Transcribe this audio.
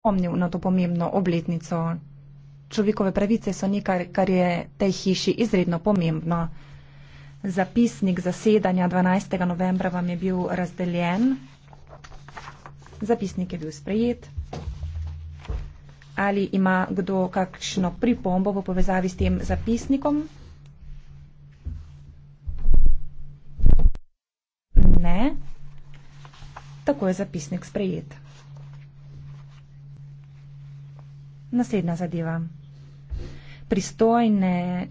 spomnil na to pomembno obletnico. Človekove pravice so nekaj, kar je tej hiši izredno pomembno. Zapisnik zasedanja 12. novembra vam je bil razdeljen. Zapisnik je bil sprejet. Ali ima kdo kakšno pripombo v povezavi s tem zapisnikom? Ne. Tako je zapisnik sprejet. Naslednja zadeva. Pristojne